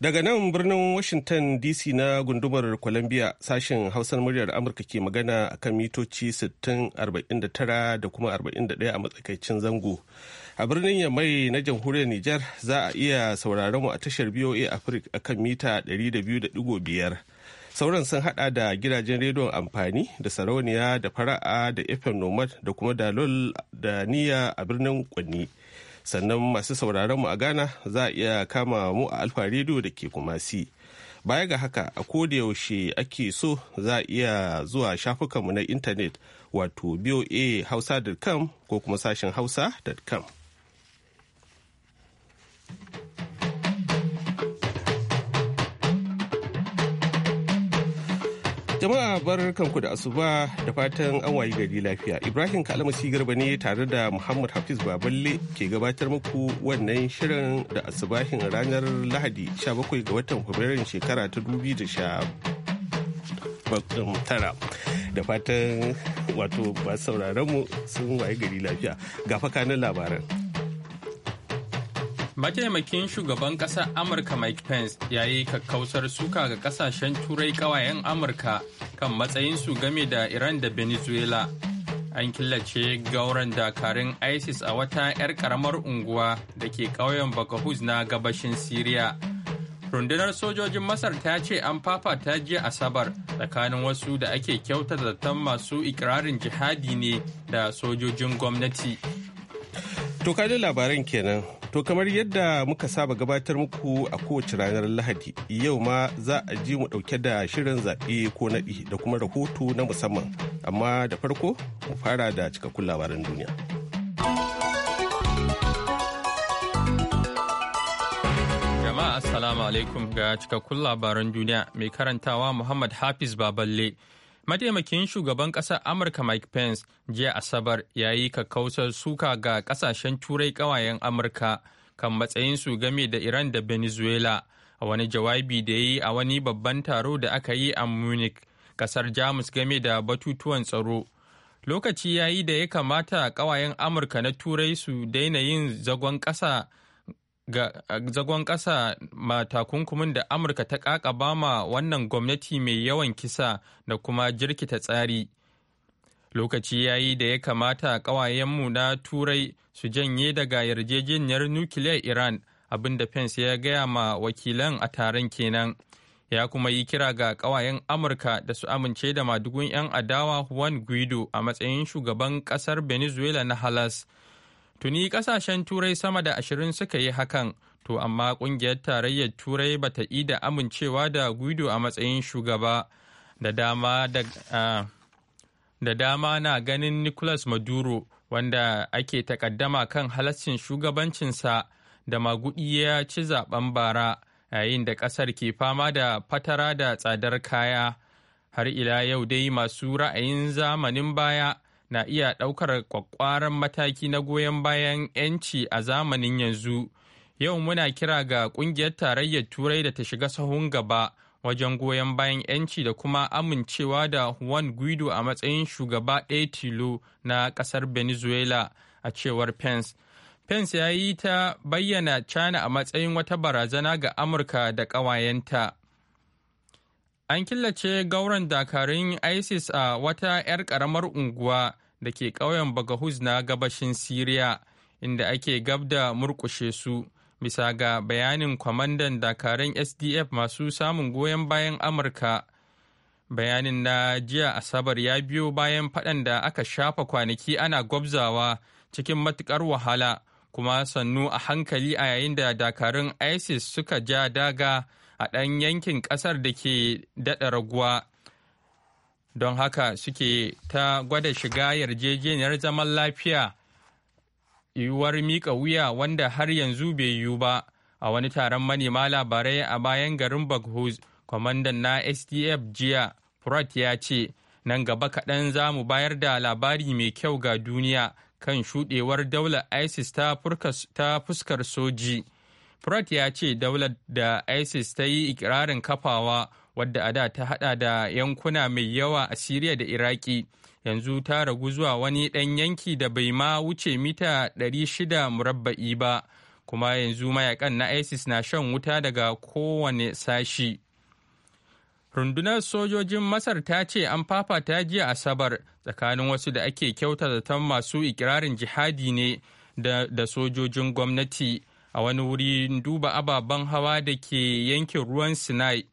Daga nan birnin Washington DC na gundumar Columbia sashen Hausar muryar Amurka ke magana a kan mitoci 6049 da kuma 41 a matsakaicin zango. A birnin Yamai na jamhuriyar Nijar za a iya sauraron mu a tashar BOA Africa a kan mita 200.5. Sauran sun hada da gidajen rediyon amfani da sarauniya da fara'a da FM Nomad da kuma Dalol da Niyya a birnin Kwanni. sannan masu sauraron mu a Ghana za a iya kama mu a Alfa Radio da ke Kumasi. Baya ga haka a yaushe ake so za a iya zuwa shafukanmu na intanet wato boahausa.com ko kuma sashen hausa.com. Jama'a bar kanku da asuba da fatan an wayi gari lafiya. Ibrahim si Garba ne tare da Muhammad Hafiz Baballe ke gabatar muku wannan shirin da asubahin ranar Lahadi 17 ga watan Fabrairun shekara ta 2019. Da fatan wato ba sauraron mu sun wayi gari lafiya. Ga fakanin labaran. mataimakin shugaban ƙasar amurka mike pence ya yi kakkausar suka ga kasashen turai ƙawayen amurka kan matsayinsu game da iran da venezuela an killace gauran dakarun isis a wata 'yar ƙaramar unguwa da ke ƙauyen bakahuz na gabashin syria rundunar sojojin masar ta ce an fafata jiya asabar tsakanin wasu da ake kyauta zaton masu ikirarin jihadi ne da sojojin gwamnati to labaran kenan To kamar yadda muka saba gabatar muku a kowace ranar Lahadi, yau ma za a ji mu ɗauke da shirin zaɓe ko naɗi da kuma rahoto na musamman. Amma da farko, mu fara da cikakkun labaran duniya. Jama'a Assalamu alaikum ga cikakkun labaran duniya mai karantawa Muhammad Hafiz Baballe. Mataimakin shugaban ƙasar Amurka Mike Pence jiya Asabar ya yi kakkausar suka ga ƙasashen turai ƙawayen Amurka kan matsayin su game da Iran da Venezuela a wani jawabi da ya yi a wani babban taro da aka yi a Munich, ƙasar Jamus game da batutuwan tsaro. Lokaci ya yi da ya kamata ƙawayen Amurka na turai su daina yin zagon ƙasa ga zagon ƙasa ma takunkumin da amurka ta ƙaƙaba ma wannan gwamnati mai yawan kisa da kuma jirkita tsari lokaci ya yi da ya kamata ƙawayenmu na turai su janye daga yarjejeniyar nukiliyar iran abinda da pence ya gaya ma wakilan a taron kenan ya kuma yi kira ga ƙawayen amurka da su amince da madugun 'yan adawa juan guido a matsayin shugaban ƙasar venezuela na halas Tuni kasashen Turai sama da ashirin suka yi hakan, to amma kungiyar tarayyar Turai bata yi da amincewa da Guido a matsayin shugaba da dama da da dama na ganin Nicolas Maduro wanda ake takaddama kan halaccin shugabancinsa da magudi ya ci zaben bara yayin da kasar ke fama da fatara da tsadar kaya har ila yau dai masu ra'ayin zamanin baya na iya ɗaukar kwakwaran mataki na goyon bayan 'yanci a zamanin yanzu. Yau muna kira ga ƙungiyar tarayyar Turai da ta shiga sahun gaba wajen goyon bayan 'yanci da kuma amincewa da Juan Guido a matsayin shugaba ɗaya tilo na ƙasar Venezuela a cewar Pence. Pence ya yi ta bayyana China a matsayin wata barazana ga Amurka da ƙawayenta. An killace gauran dakarun ISIS a wata 'yar ƙaramar unguwa da ke ƙauyen Bagahuz na gabashin Siriya, inda ake gab da murƙushe su, bisa ga bayanin kwamandan dakarun SDF masu samun goyon bayan Amurka. Bayanin na jiya Asabar ya biyo bayan faɗan da aka shafa kwanaki ana gwabzawa cikin matuƙar wahala, kuma sannu a hankali a yayin da dakarun ISIS suka ja daga. a ɗan yankin ƙasar da ke daɗa raguwa don haka suke ta gwada shiga yarjejeniyar zaman lafiya yiwuwar miƙa wuya wanda har yanzu bai yiwu ba a wani taron manema labarai a bayan garin baghuz kwamandan na sdf jiya prat ya ce nan gaba kaɗan za mu bayar da labari mai kyau ga duniya kan shuɗewar daular isis ta fuskar soji prat ya ce daular da ISIS ta yi ikirarin kafawa wadda a da ta hada da yankuna mai yawa a Siriya da Iraki yanzu ta ragu zuwa wani ɗan yanki da bai ma wuce mita 600 murabba'i ba kuma yanzu mayakan na ISIS na shan wuta daga kowane sashi. Rundunar sojojin Masar ta ce an fafata jiya Asabar tsakanin wasu da ake kyauta zaton masu ikirarin jihadi ne da sojojin gwamnati. a wani wuri duba ababen hawa da ke yankin ruwan sinai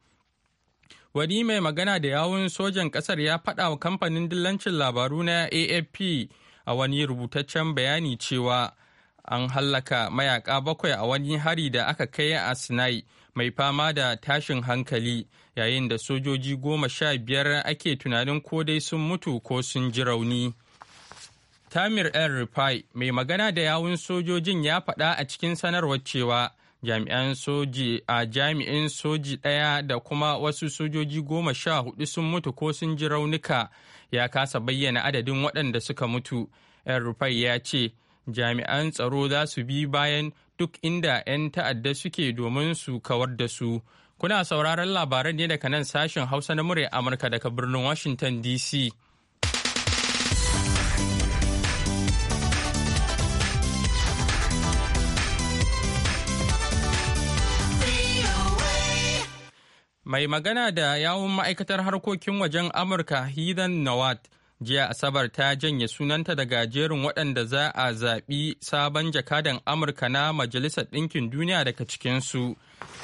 wani mai magana da yawun sojan kasar ya faɗa wa kamfanin dillancin labaru na afp a wani rubutaccen bayani cewa an hallaka mayaka bakwai a wani hari da aka kai a sinai mai fama da tashin hankali yayin da sojoji goma sha biyar ake tunanin ko dai sun mutu ko sun ji rauni. Tamir El Rufai mai magana da yawun sojojin ya faɗa a cikin sanarwar cewa jami'an soji a jami'in soji ɗaya da kuma wasu sojoji goma sha hudu sun mutu ko sun ji raunuka ya kasa bayyana adadin waɗanda suka mutu. El Rufai ya ce jami'an tsaro za su bi bayan duk inda 'yan ta'adda suke domin su kawar da su. Kuna sauraron labaran ne daga nan sashen Hausa na murya Amurka daga birnin Washington DC. Mai magana da yawun ma'aikatar harkokin wajen Amurka Heathen Nawat jiya Asabar ta janye sunanta daga jerin waɗanda za a zaɓi sabon jakadan Amurka na Majalisar Ɗinkin Duniya daga cikinsu.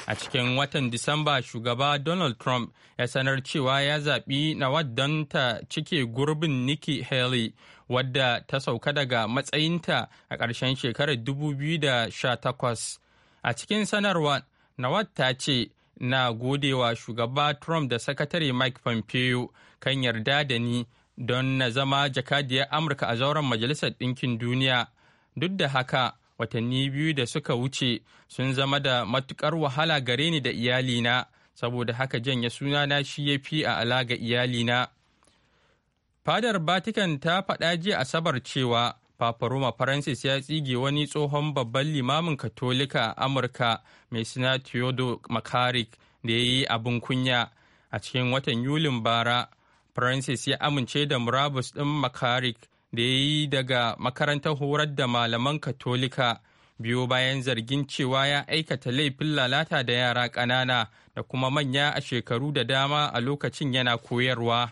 A cikin watan Disamba shugaba Donald Trump ya sanar cewa ya zaɓi Nawat don ta cike gurbin Nikki Haley wadda ta sauka daga matsayinta a ƙarshen shekarar 2018. A cikin sanarwa, Nawat ta ce na godewa shugaba Trump da sakatare Mike Pompeo kan yarda da ni don na zama jakadiyar Amurka a zauren Majalisar Ɗinkin Duniya. Duk da haka, watanni biyu da suka wuce sun zama da matukar wahala gare ni da iyalina, saboda haka janye sunana shi ya fi a alaga iyalina. Fadar Vatican ta faɗa jiya Asabar cewa Papa Roma Francis ya tsige wani tsohon babban limamin Katolika a Amurka mai suna Makarik da ya yi abin kunya a cikin watan Yulin bara. Francis ya amince da murabus ɗin Makarik da ya yi daga makarantar horar da malaman Katolika biyu bayan zargin cewa ya aikata laifin lalata da yara ƙanana da kuma manya a shekaru da dama a lokacin yana koyarwa.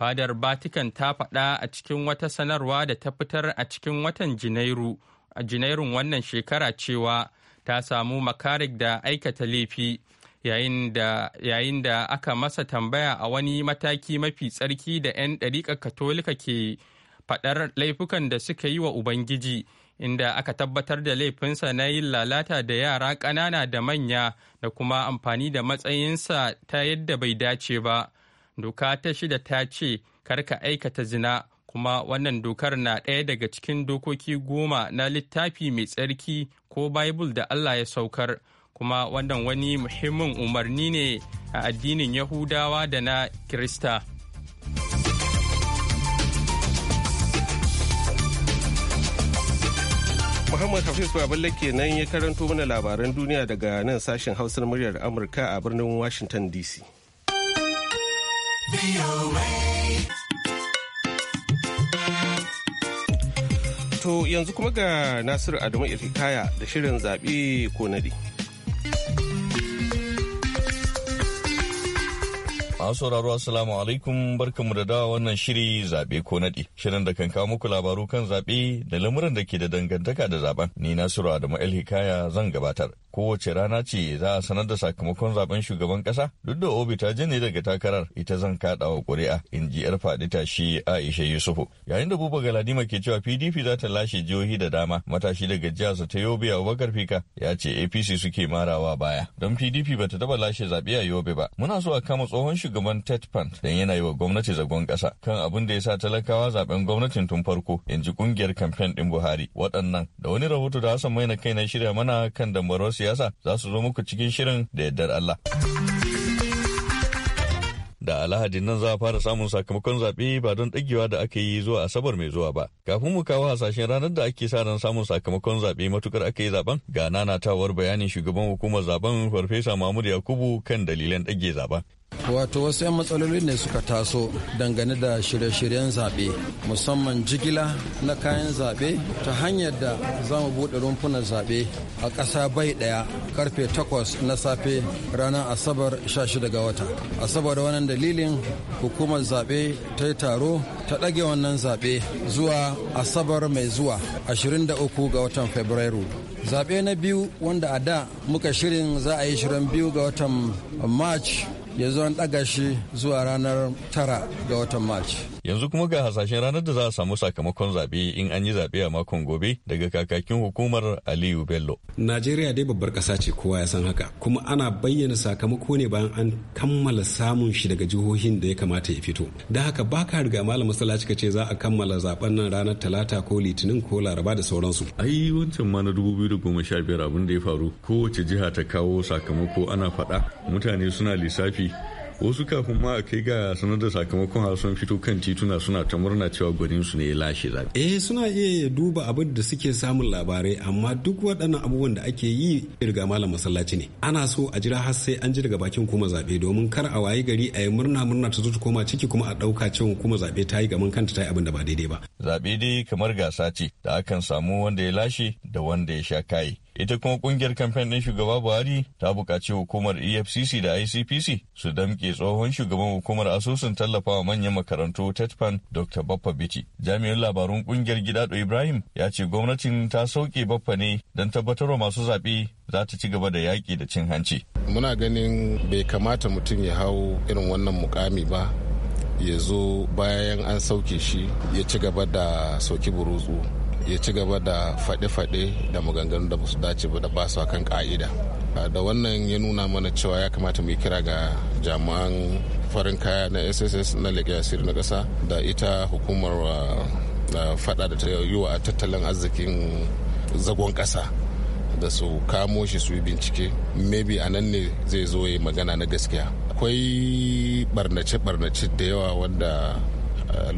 fadar vatican ta faɗa a cikin wata sanarwa da ta fitar a cikin watan janairu a janairun wannan shekara cewa ta samu makarik da aikata laifi yayin da aka masa tambaya a wani mataki mafi tsarki da 'yan ɗarika katolika ke faɗar laifukan da suka yi wa ubangiji inda aka tabbatar da laifinsa na yin lalata da yara ƙanana da manya da kuma amfani da matsayinsa ta yadda bai dace ba doka ta shida ta ce karka aikata zina kuma wannan dokar na ɗaya daga cikin dokoki goma na littafi mai tsarki ko bible da allah ya saukar kuma wannan wani muhimmin umarni ne a addinin yahudawa da na kirista Muhammad Hafiz Baballe kenan ya karanto mana labaran duniya daga nan sashen hausar muryar Amurka a birnin Washington DC. To yanzu kuma ga Nasiru Adamu kaya da shirin zaɓe ko naɗi. Masu sauraro Assalamu alaikum barkamu da dawa wannan shiri zaɓe ko naɗi. Shirin da kan kawo muku labaru kan zaɓe da lamuran da ke da dangantaka da zaben. Ni na Nasiru da ma'il Hikaya zan gabatar. Kowace rana ce za a sanar da sakamakon zaben shugaban ƙasa duk da Obi ta janye daga takarar ita zan kaɗa wa ƙuri'a in ji yar faɗi tashi Aisha Yusufu. Yayin da Buba Galadima ke cewa PDP za ta lashe jihohi da dama matashi daga jihar ta Yobe Abubakar Fika ya ce APC suke marawa baya. Don PDP ba ta taɓa lashe zaɓe a Yobe ba. Muna so a kama tsohon shugaban shugaban tet fund don yana yi wa gwamnati zagon ƙasa kan abin da ya sa talakawa zaben gwamnatin tun farko in ji kungiyar kamfen ɗin buhari waɗannan da wani rahoto da hassan maina kai na shirya mana kan dambarwar siyasa za su zo muku cikin shirin da yardar allah da alhadin nan za a fara samun sakamakon zaɓe ba don ɗagewa da aka yi zuwa asabar mai zuwa ba kafin mu kawo hasashen ranar da ake sa ran samun sakamakon zaɓe matukar aka yi zaben ga nanatawar bayanin shugaban hukumar zaben farfesa mahmud yakubu kan dalilan ɗage zaben wato wasu 'yan matsaloli ne suka taso dangane da shirye-shiryen zaɓe musamman jigila na kayan zaɓe ta hanyar da za mu buɗe rumfunan zaɓe a ƙasa bai ɗaya karfe 8 na safe ranar asabar 16 ga wata a saboda wannan dalilin hukumar zaɓe ta yi taro ta ɗage wannan zaɓe zuwa asabar mai zuwa 23 ga watan fabrairu zaɓe na biyu wanda a da muka shirin za a yi shirin biyu ga watan march yanzu an ɗaga shi zuwa ranar tara ga watan march yanzu kuma ga hasashen ranar da za a samu sakamakon zaɓe in an yi zaɓe a makon gobe daga kakakin hukumar aliyu bello najeriya dai babbar ƙasa ce kowa ya san haka kuma ana bayyana sakamako ne bayan an kammala samun shi daga jihohin da ya kamata ya fito da haka baka riga malam masallaci ka ce za a kammala zaben nan ranar talata ko litinin ko laraba da sauransu ai wancan ma na biyar abin da ya faru kowace jiha ta kawo sakamako ana faɗa mutane suna lissafi wasu kafin ma a kai ga sanar da sakamakon har fito kan tituna suna ta murna cewa gwanin su ne ya lashe zaɓe. eh suna iya duba abin da suke samun labarai amma duk waɗannan abubuwan da ake yi irga malam masallaci ne ana so a jira har sai an ji daga bakin kuma zaɓe domin kar a waye gari a yi murna murna ta zo ta koma ciki kuma a ɗauka cewa kuma zaɓe ta yi gaman kanta ta yi abin da ba daidai ba. zaɓe dai kamar gasa ce da akan samu wanda ya lashe da wanda ya sha kaye. ita kuma kungiyar kamfen ɗin shugaba buhari ta buƙaci hukumar efcc da icpc su damƙe tsohon shugaban hukumar asusun tallafawa manyan makarantu tetpan dr baffa bici jami'in labarun kungiyar gidado ibrahim ya ce gwamnatin ta sauke baffa ne don wa masu zaɓe za ta ci gaba da yaƙi da cin hanci muna ganin bai kamata mutum ya hau irin wannan mukami ba ya zo bayan an sauke shi ya ci gaba da sauki burutsu ya ci gaba da faɗe-faɗe da maganganu da ba su dace ba da ba su kan ka'ida da wannan ya nuna mana cewa ya kamata mu yi kira ga jami'an farin kaya na sss na leƙe asiri na ƙasa da ita hukumar faɗa da ta yi wa tattalin arzikin zagon ƙasa da su kamo shi su yi bincike maybe a nan ne zai zo ya magana na gaskiya akwai barnace-barnace da yawa wanda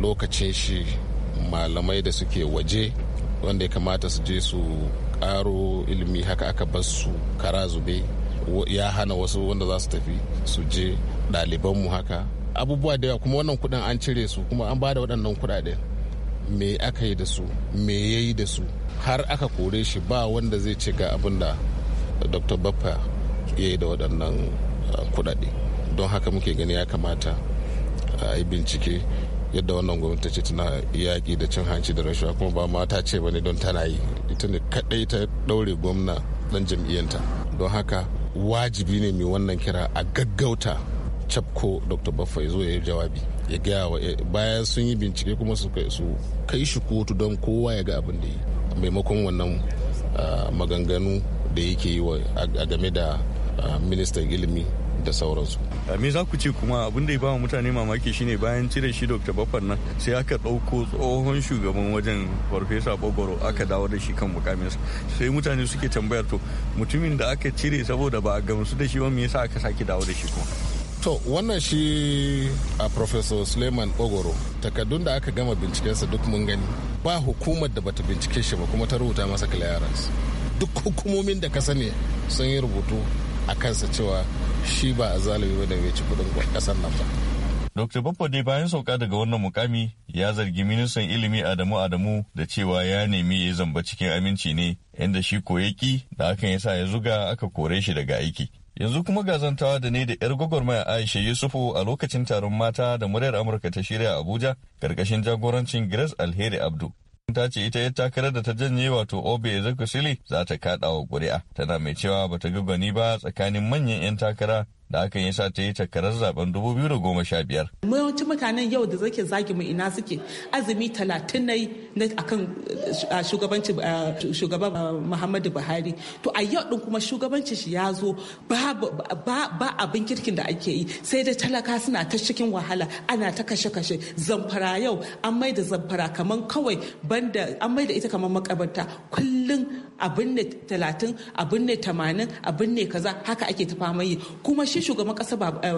lokacin shi malamai da suke waje wanda ya kamata su je su karo ilimi haka aka bar su kara zube ya hana wasu wanda za su tafi su je mu haka abubuwa da yawa kuma wannan kuɗin an cire su kuma an ba da waɗannan kuɗaɗen me aka yi da su me ya yi da su har aka kore shi ba wanda zai ce ga abin da dr baffa ya yi da waɗannan uh, kuɗaɗe don haka muke gani ya kamata uh, a yi bincike yadda wannan gwamnati ce tana yaƙi da cin hanci da rashawa kuma ba ma ta ce bane don tana yi ita ne kaɗai ta ɗaure gwamna ɗan jam'iyyanta don haka wajibi ne mai wannan kira a gaggauta cafko dr baffa zo ya yi jawabi ya gaya wa eh, bayan sun yi bincike kuma su kai shi kotu don kowa ya ga abin da yi maimakon wannan ah, maganganu da yake yi wa a game da ah, ministan ilimi da sauransu. me za ku ce kuma abin da ya ba mutane mamaki shine bayan cire shi dr baffan nan sai aka ɗauko tsohon shugaban wajen farfesa bogoro aka dawo da shi kan mukaminsa sai mutane suke tambayar to mutumin da aka cire saboda ba a gamsu da shi ba me yasa aka sake dawo da shi kuma to wannan shi a professor suleiman bogoro takaddun da aka gama bincikensa duk mun gani ba hukumar da bata bincike shi ba kuma ta rubuta masa clearance duk hukumomin da ka sani sun yi rubutu a kansa cewa shi ba a zalibi ba da bai ci kudin kasar nan ba. Dr. Bappo dai bayan sauka daga wannan mukami ya zargi ministan ilimi Adamu Adamu da cewa ya nemi ya zamba cikin aminci ne inda shi koyaki da hakan ya sa ya zuga aka kore shi daga aiki. Yanzu kuma ga zantawa da ne da 'yar gwagwarmaya Aisha Yusufu a lokacin taron mata da muryar Amurka ta shirya Abuja karkashin jagorancin Grace Alheri Abdu ta ce ita yadda takarar da ta janye wato obe ezekwesili za ta kada wa kuri'a tana mai cewa bata ga gani ba tsakanin manyan 'yan takara da hakan yi ta yi takarar zaben 2015. Yawancin mutanen yau da zake zagi mu ina suke azumi talatin na akan shugabanci shugaban Muhammadu Buhari. To a yau din kuma shugabancin shi ya zo ba abin kirkin da ake yi sai da talaka suna ta cikin wahala ana ta kashe-kashe zamfara yau an mai da zamfara kaman kawai banda an mai da ita kamar makabarta kullum abin ne talatin abin ne tamanin abin ne kaza haka ake ta fama yi kuma shi shugaban kasa eh,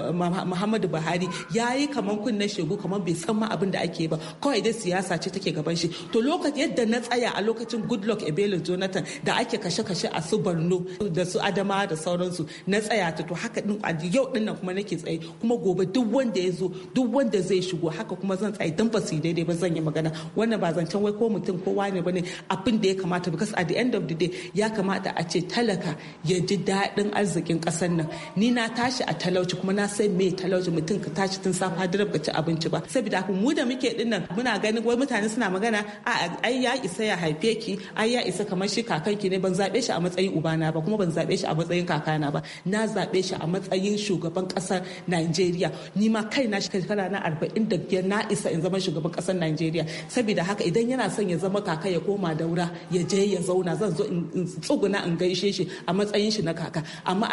muhammadu buhari ya yi kamar kunnen shegu kamar bai san ma abin da ake ba kawai dai siyasa ce take gaban shi to lokacin yadda na tsaya a lokacin goodluck ebele jonathan da ake kashe-kashe a su borno da su adama da sauransu na tsaya ta to haka din yau din nan kuma nake tsaye kuma gobe duk wanda ya zo duk wanda zai shigo haka kuma zan tsaye dan basu su daidai ba zan yi magana wannan ba zancen wai ko mutum ko wane bane abin da ya kamata because at the end of the day ya kamata a ce talaka ya ji daɗin arzikin ƙasar nan ni na tashi tashi a talauci kuma na sai mai talauci mutum ka tashi tun safa dirab ka ci abinci ba saboda haka mu da muke nan muna ganin wai mutane suna magana a ai ya isa ya haife ki ai ya isa kamar shi kakanki ne ban zabe shi a matsayin ubana ba kuma ban zabe shi a matsayin kakana ba na zabe shi a matsayin shugaban kasar Najeriya ni ma shi kana na 45 na isa in zama shugaban kasar Najeriya saboda haka idan yana son ya zama kaka ya koma daura ya je ya zauna zan zo in tsuguna in gaishe shi a matsayin shi na kaka amma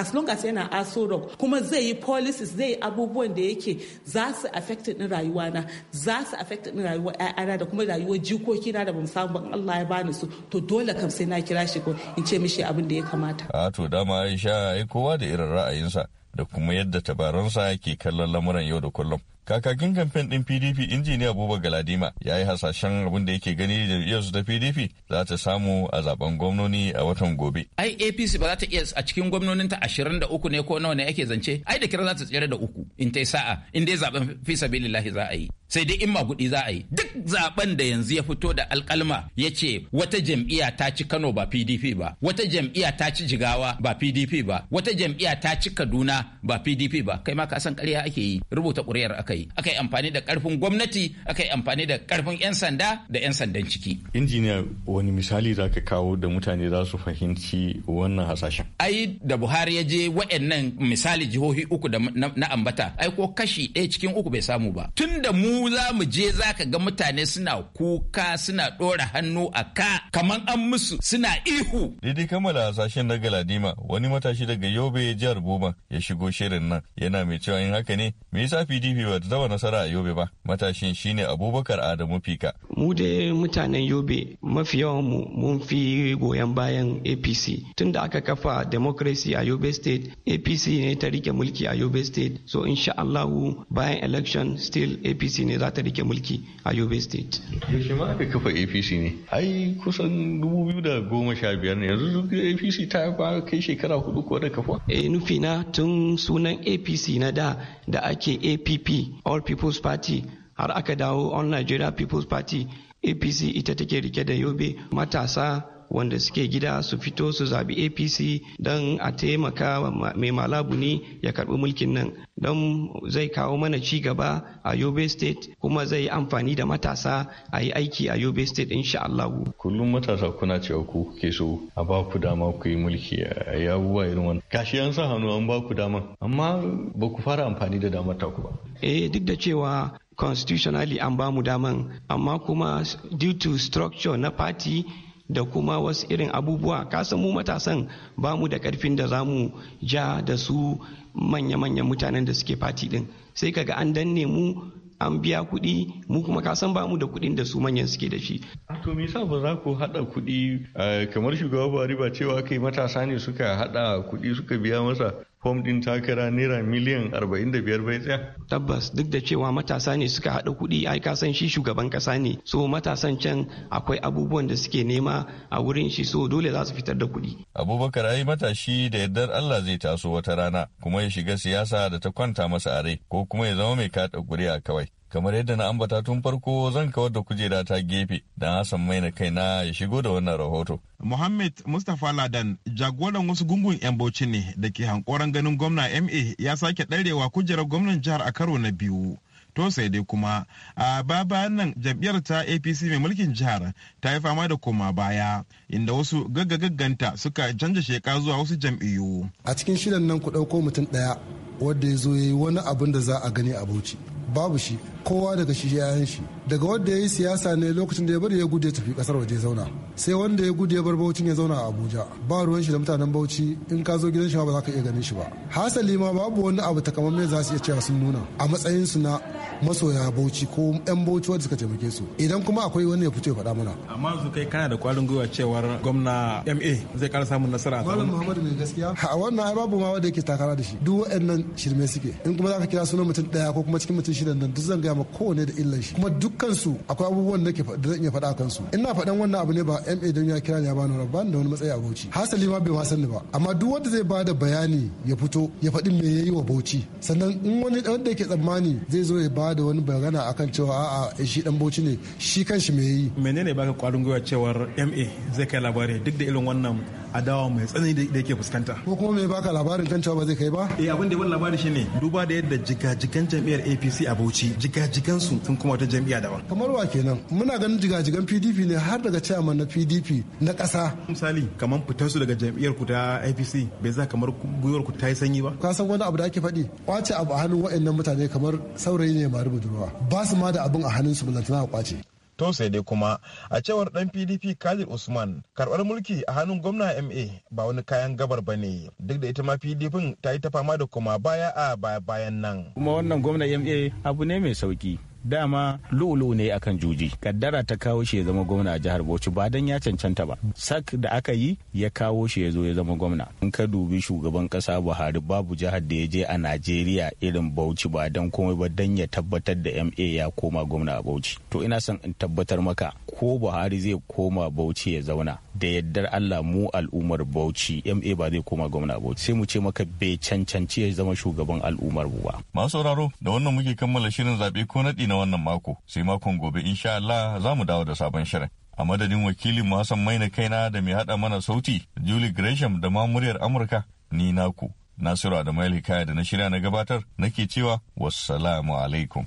as long as yana aso rock kuma zai yi policies zai yi abubuwan da yake za su affect din na za su affect din rayuwa ƴaƴana da kuma rayuwar jikoki na da ban samu ban Allah ya bani su to dole kam sai na kira shi ko in ce mishi abin da ya kamata a to dama Aisha ai kowa da irin ra'ayinsa da kuma yadda tabaransa yake kallon lamuran yau da kullum Kakakin kamfen ɗin PDP injiniya Abubakar Galadima ya yi hasashen abin da yake gani da jam'iyyarsu ta PDP za ta samu a zaben gwamnoni a watan gobe. Ai APC ba za ta iya a cikin gwamnoninta ashirin da uku ne ko nawa ne ake zance? Ai da kira za ta tsere da uku in ta yi sa'a in dai zaben fi sabilillahi za a yi. sai dai in magudi za a yi duk zaben da yanzu ya fito da alkalma ya ce wata jam'iyya ta ci kano ba pdp ba wata jam'iyya ta ci jigawa ba pdp ba wata jam'iyya ta ci kaduna ba pdp ba kai ma ka san ƙarya ake yi rubuta ƙuri'ar aka yi aka yi amfani da ƙarfin gwamnati aka yi amfani da ƙarfin 'yan sanda da 'yan sandan ciki injiniya wani misali za ka kawo da mutane za su fahimci wannan hasashen ai da buhari ya je wa'annan misali jihohi uku da na ambata ai ko kashi ɗaya cikin uku bai samu ba tun da mu za mu je za ka ga mutane suna kuka suna ɗora hannu a ka kamar an musu suna ihu. Daidai kammala hasashen na Galadima wani matashi daga Yobe jihar Goma ya shigo shirin nan yana mai cewa in haka ne me yasa PDP ba ta zama nasara a Yobe ba matashin shine Abubakar Adamu Fika. Mu dai mutanen Yobe mafi yawan mu mun fi goyon bayan APC tunda aka kafa democracy a Yobe state APC ne ta rike mulki a Yobe state so insha Allahu bayan election still APC ne ne za ta rike mulki a yobe state yaushe ma aka kafa apc ne ai kusan 2015 ne yanzu apc ta kai shekara hudu ko da kafa e eh, nufi na tun sunan apc na da da ake app all people's party har aka dawo all nigeria people's party apc ita take rike da yobe matasa wanda suke gida su fito su zaɓi apc don a taimaka mai malabu ne ya karɓi mulkin nan don zai kawo mana ci gaba a yobe state kuma zai amfani da matasa a yi aiki a yobe state insha allahu kullum matasa kuna cewa ku ke so a ba ku dama ku yi mulki a yabuwa irin wannan kashi an sa hannu an ba ku dama amma ba ku fara amfani da damar ku ba eh duk da cewa constitutionally an bamu daman amma kuma due to structure na party da kuma wasu irin abubuwa kasan mu matasan ba mu da karfin da za mu ja da su manya-manyan mutanen da suke fati din sai ka ga an danne mu an biya kuɗi mu kuma kasan ba mu da kuɗin da su manyan suke da shi. To me yasa ba za ku haɗa kuɗi eh, kamar shugaba Buhari ba cewa kai matasa ne suka haɗa kuɗi suka biya masa fom din takara naira miliyan 45 bai tsaya. Tabbas duk da cewa matasa ne suka haɗa kuɗi ai ka san shi shugaban ƙasa ne so matasan can akwai abubuwan da suke nema a wurin shi so dole za su fitar da kuɗi. Abubakar ai matashi da yardar Allah zai taso wata rana kuma ya shiga siyasa da ta kwanta masa a rai ko kuma ya zama mai kaɗa ƙuri'a kawai. kamar yadda na ambata tun farko zan kawar da kujera ta gefe don Hassan mai na kaina ya shigo da wannan rahoto. muhammed Mustapha Ladan jagoran wasu gungun 'yan Bauchi ne da ke hankoran ganin gwamna MA ya sake ɗarewa kujerar gwamnan jihar a karo na biyu. to sai dai kuma a baya nan jam'iyyar ta apc mai mulkin jihar ta yi fama da koma baya inda wasu gaggagagganta suka canja sheka zuwa wasu jam'iyyu a cikin shirin nan ku ɗauko mutum ɗaya wanda ya zo ya yi wani abin da za a gani a bauchi babu shi kowa daga shi ya shi daga wanda ya yi siyasa ne lokacin da ya bari ya gude tafi kasar waje zauna sai wanda ya gude ya bar baucin ya zauna a abuja ba ruwan shi da mutanen bauchi in ka zo gidan shi ba za ka iya ganin shi ba hasali ma babu wani abu takamaimai za su iya cewa sun nuna a matsayin su na masoya bauchi ko yan bauchi wanda suka taimake su idan kuma akwai wani ya fito ya faɗa mana amma su kai kana da kwarin gwiwa cewar gwamna ma zai kara samun nasara a malam muhammadu mai gaskiya a wannan ai babu ma wanda yake takara da shi duk waɗannan shirme suke in kuma za ka kira sunan mutum ɗaya ko kuma cikin mutum shidan nan duk zan gaya ma kowane da illan shi kuma dukkansu su akwai abubuwan da zan iya faɗa kansu ina faɗan wannan abu ne ba ma don ya kira ni ya bani wani ba da wani matsayi a bauchi hasali ma bai ma sani ba amma duk wanda zai ba da bayani ya fito ya faɗi me ya yi wa bauchi sannan in wani da yake tsammani zai zo ya ba da wani magana akan cewa a'a eh, shi dan bauchi ne shi kanshi me ya yayi menene baka kwarin gwiwa cewar ma zai kai labari duk da irin wannan adawa mai tsanani da yake fuskanta ko kuma me baka labarin kan cewa ba zai kai ba eh abin da wannan labari shine duba da yadda jigajigan jam'iyyar APC a a Bauchi jigajigan su sun kuma wata jam'iyya daban kamar wa kenan muna ganin jigajigan PDP ne har daga chairman na PDP na kasa misali kamar fitar su daga jam'iyyar ku ta APC bai za kamar gwiwar ku ta yi sanyi ba ka san wani abu da ake faɗi kwace abu a hannun waɗannan mutane kamar saurayi ne mari budurwa ba su ma da abin a hannun su bulantana a kwace to sai dai kuma a cewar dan pdp khalid usman karbar mulki a hannun gwamna ma ba wani kayan gabar ba ne duk da ita ma pdp ta yi ta fama da kuma baya a baya bayan nan kuma wannan gwamna ma abu ne mai sauki dama lulu ne akan juji kaddara ta kawo shi ya zama gwamna a jihar bauchi ba dan ya cancanta ba sak da aka yi ya kawo shi ya zo ya zama gwamna in ka dubi shugaban kasa buhari babu jihar da ya je a najeriya irin bauchi ba dan komai ba dan ya tabbatar da ma ya koma gwamna a bauchi to ina son in tabbatar maka ko buhari zai koma bauchi ya zauna da yaddar allah mu al'ummar bauchi ma ba zai koma gwamna a bauchi sai mu ce maka bai cancanci ya zama shugaban al'ummar mu ba masu sauraro da wannan muke kammala shirin zaɓe ko naɗi na na wannan mako sai makon gobe insha Allah za mu dawo da sabon shirin a madadin wakilin masan maina kaina da mai haɗa mana sauti Julie Gresham da ma Amurka ni naku Nasiru Adamu Hikaya da na shirya na gabatar nake cewa wassalamu alaikum.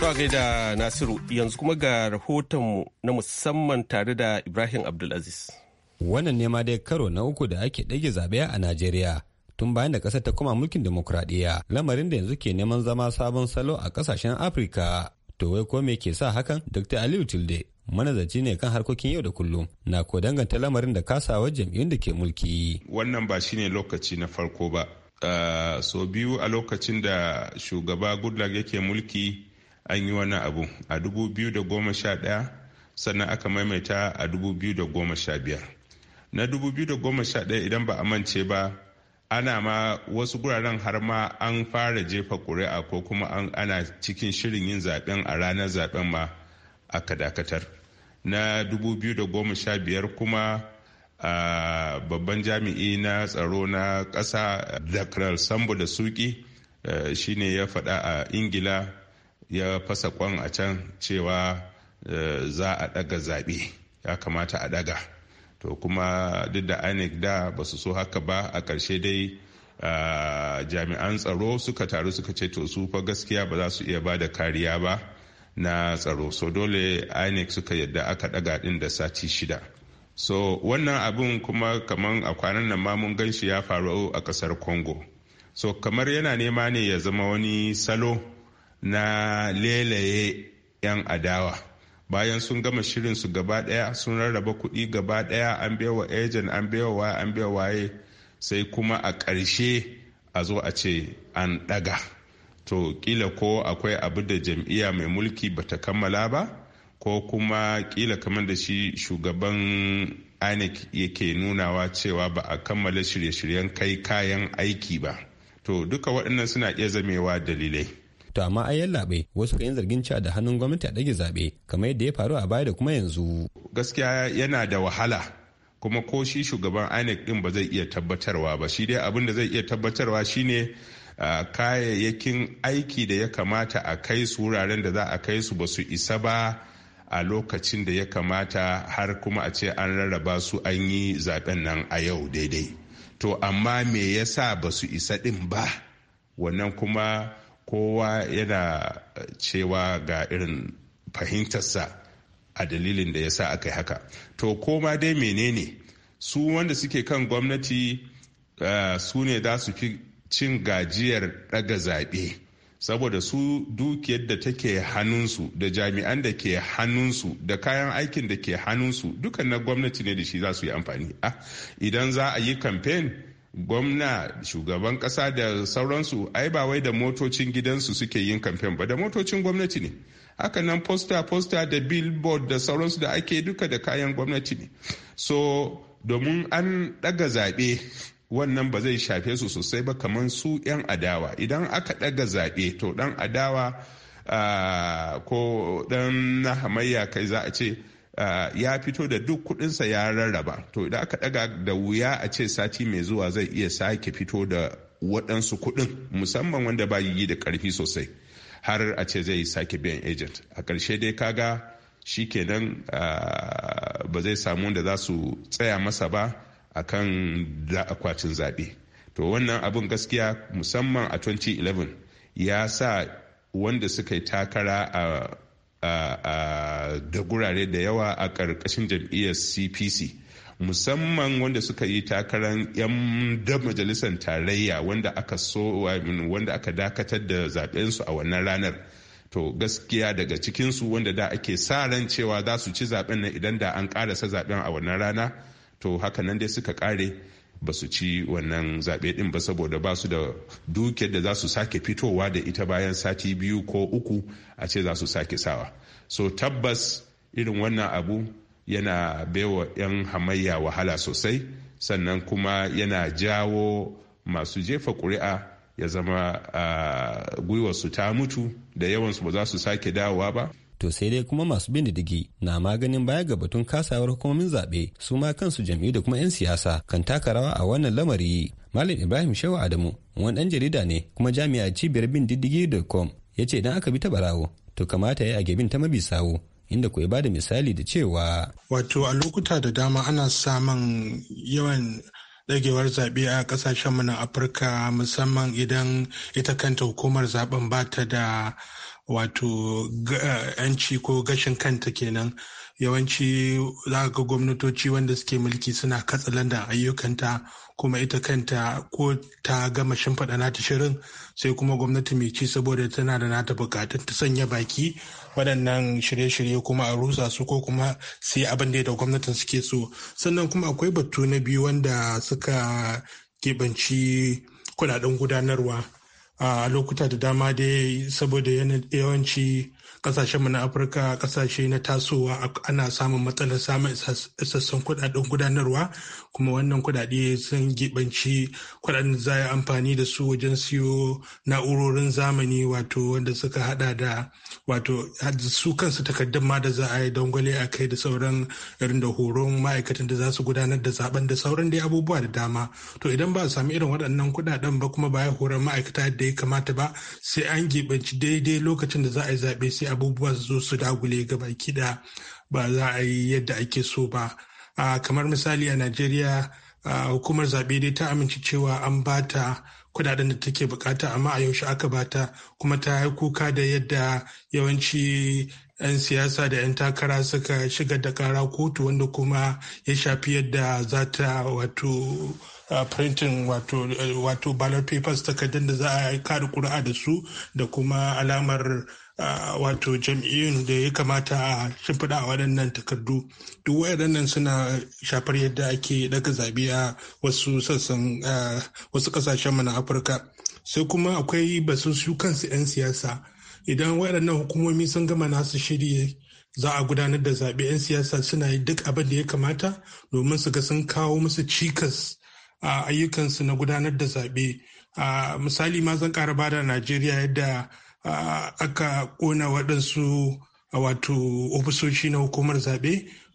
To gaida Nasiru yanzu kuma ga rahotonmu na musamman tare da Ibrahim Abdulaziz. Wannan ne ma dai karo na uku da ake ɗage zaɓe a Najeriya. tun bayan da ƙasar ta koma mulkin demokradiyya lamarin da yanzu ke neman zama sabon salo a kasashen afirka to wai ko me ke sa hakan dr aliyu tilde manazarci ne kan harkokin yau da kullum na ko danganta lamarin da kasawar jam'iyyun da ke mulki wannan ba shine lokaci na farko ba uh, so biyu a lokacin da shugaba goodluck yake mulki an yi wani abu a 2011 sannan aka maimaita a 2015 na 2011 idan ba a mance ba ana ma wasu guraren har ma an fara jefa ƙuri'a ko kuma ana cikin shirin yin zaben a ranar zaben ma aka dakatar na 2015 kuma a babban jami'i na tsaro na ƙasa dakral sambo da suki shine ya faɗa a ingila ya fasa kwan a can cewa za a ɗaga zaɓe ya kamata a ɗaga to kuma duk da inec da ba su so haka ba a ƙarshe dai jami'an tsaro suka taru suka ce to su fa gaskiya ba za su iya ba da kariya ba na tsaro so dole inec suka yadda aka ɗaga ɗin da sati shida so wannan abin kuma kamar a kwanan nan ma mun gan shi ya faru a ƙasar congo so kamar yana nema ne ya zama wani salo na lelaye 'yan adawa bayan sun gama shirin su gaba daya sun rarraba kuɗi gaba daya an wa ejen an wa an waye sai kuma a ƙarshe a zo a ce an ɗaga to kila ko akwai abu da jam'iyya mai mulki bata kammala ba ko kuma kila kamar da shi shugaban inec yake nunawa cewa ba a kammala shirye-shiryen kai kayan aiki ba to duka waɗannan suna iya zamewa dalilai to amma ai yallaɓe wasu kan zargin cewa da hannun gwamnati a dage zaɓe kamar yadda ya faru a baya da kuma yanzu. gaskiya yana da wahala kuma ko shi shugaban inec din ba zai iya tabbatarwa ba shi dai abin da zai iya tabbatarwa shine kayayyakin aiki da ya kamata a kai su wuraren da za a kai su ba su isa ba a lokacin da ya kamata har kuma a ce an rarraba su an yi zaben nan a yau daidai to amma me yasa ba su isa din ba wannan kuma kowa yana cewa ga irin fahimtarsa a dalilin da ya sa aka yi haka to koma dai menene su wanda suke kan gwamnati eh, su ne za su fi cin gajiyar daga zaɓe saboda su dukiyar da take hannunsu da jami'an da ke hannunsu da kayan aikin da ke hannunsu dukkan na gwamnati ne da shi za su yi amfani ah, idan za a yi kamfen gwamna shugaban kasa da sauransu ai ba wai da motocin gidansu suke yin kamfen ba da motocin gwamnati ne haka nan posta posta da billboard da sauransu da ake duka da kayan gwamnati ne so domin an daga zaɓe wannan ba zai shafe su sosai ba kamar su 'yan adawa idan aka daga zaɓe to dan adawa ah, ko dan na hamayya kai za a ce ya fito da duk kudinsa ya rarraba to idan aka daga da wuya a ce sati mai zuwa zai iya sake fito da waɗansu kudin musamman wanda ba yi da ƙarfi sosai har a ce zai sake biyan agent a ƙarshe dai kaga shi kenan ba zai samu da za su tsaya masa ba a kan akwatin zaɓe to wannan abin gaskiya musamman a 2011 ya sa wanda suka yi takara a da gurare da yawa a ƙarƙashin jam'iyyar cpc musamman wanda suka yi takarar 'yan da majalisar tarayya wanda aka so wanda aka dakatar da zaɓensu a wannan ranar to gaskiya daga cikinsu wanda da ake sa ran cewa za su ci zaɓen nan idan da an ƙarasa zaɓen a wannan rana to haka nan dai suka ƙare. ba su ci wannan zaɓe ɗin ba saboda ba su da dukiyar da za su sake fitowa da ita bayan sati biyu ko uku a ce za su sake sawa so tabbas irin wannan abu yana baiwa 'yan hamayya wahala sosai sannan kuma yana jawo masu jefa ƙuri'a ya zama uh, gwiwarsu ta mutu da yawansu ba za su sake dawowa ba to sai dai kuma masu bin diddigi na maganin baya ga batun kasawar hukumomin zaɓe su ma kansu jam'i da kuma 'yan siyasa kan taka rawa a wannan lamari malam ibrahim shehu adamu wani dan jarida ne kuma jami'a cibiyar bin com ya ce idan aka bi ta barawo to kamata ya yi a gebin ta mabi sawo inda ku ba da misali da cewa wato a lokuta da dama ana samun yawan dagewar zaɓe a ƙasashenmu na afirka musamman idan ita kanta hukumar zaben ba ta da wato yanci ko gashin kanta kenan yawanci za ga gwamnatoci wanda suke mulki suna katsalandan ayyukanta kuma ita kanta ko ta gama shimfiɗa nata shirin sai kuma gwamnati mai ci saboda tana da nata bukatun ta sanya baki waɗannan shirye-shirye kuma a rusa su ko kuma sai yi abin da gwamnatin suke so sannan kuma akwai batu na biyu wanda suka keɓanci kudaden gudanarwa a lokuta da dama dai saboda yawanci kasashenmu na afirka kasashe na tasowa ana samun matsalar samun isassun kudaden gudanarwa kuma wannan kudade sun gibanci kudaden za a amfani da su wajen siyo na'urorin zamani wato wanda suka hada da wato su kansu takardun ma da za a yi dangwale a kai da sauran irin da horon ma'aikatan da za su gudanar da zaben da sauran dai abubuwa da dama to idan ba a sami irin waɗannan kudaden ba kuma ba ya horon ma'aikata da ya kamata ba sai an gibanci daidai lokacin da za a yi zaɓe sai abubuwa su zo su dagule gaba kiɗa ba za a yi yadda ake so ba kamar misali a najeriya hukumar zaɓe dai ta amince cewa an ba ta kudaden da take bukata amma a yaushe aka bata kuma ta kuka da yadda yawanci 'yan siyasa da 'yan takara suka shiga da kara kotu wanda kuma ya shafi yadda za ta wato printing wato ballot papers takardun da za a kada kuri'a da su da kuma alamar wato jam'iyyun da ya kamata a shimfiɗa a waɗannan takardu duk waɗannan suna shafar yadda ake daga zabi a wasu sassan wasu ƙasashenmu na afirka sai kuma akwai basu su kansu 'yan siyasa idan waɗannan hukumomi sun gama nasu shiri za a gudanar da zaɓe 'yan siyasa suna yi duk abin da ya kamata domin su ga sun kawo musu cikas a ayyukansu na gudanar da zaɓe a misali ma zan ƙara bada najeriya yadda aka kona waɗansu wato ofisoshi na hukumar zaɓe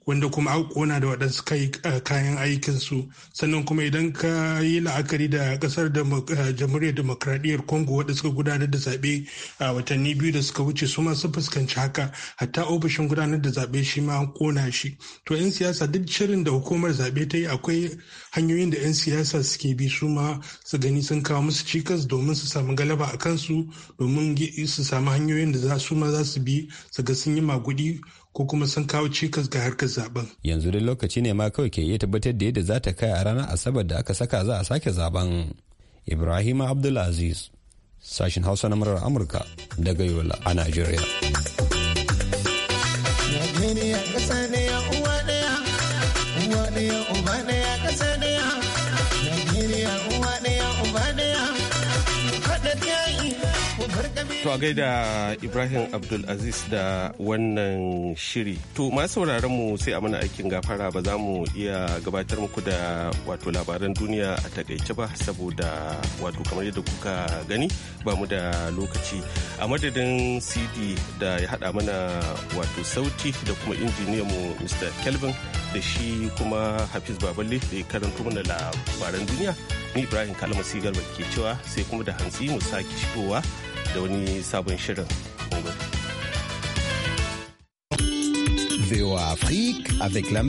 wanda kuma aka kona da waɗansu eh, kayan aikinsu sannan kuma idan ka yi la'akari da ƙasar eh, jamhuriyar demokradiyyar congo wadda suka gudanar da zaɓe a watanni biyu da suka wuce su ma sun fuskanci haka hatta ofishin gudanar da zaɓe shi ma kona shi to 'yan siyasa duk shirin da hukumar zaɓe ta yi akwai hanyoyin da 'yan siyasa suke bi su ma su gani sun kawo musu cikas domin su samu galaba a kansu domin su samu hanyoyin da za su ma za su bi su ga sun yi maguɗi. ko kuma sun kawo cikas ga harkar zaben. Yanzu dai lokaci ne ma kawai ke iya tabbatar da yadda za ta kai a ranar Asabar da aka saka za a sake zaben. Ibrahim Abdulaziz, sashen Hausa na murar Amurka daga Yola a Najeriya. ya ƙasa ne ya uwa ɗaya, uwa ɗaya To a gaida Ibrahim Abdulaziz da wannan shiri. To masu sauraron mu sai a mana aikin gafara ba za mu iya gabatar muku da wato labaran duniya a takaice ba saboda wato kamar yadda kuka gani ba mu da lokaci. A madadin CD da ya haɗa mana wato sauti da kuma injiniya mu Mr. Kelvin da shi kuma Hafiz Baballe da ya karanto mana labaran duniya. Ni Ibrahim Kalmasi Garba ke cewa sai kuma da hantsi mu sake shigowa. da wani sabon shirin. VOA Afrique avec la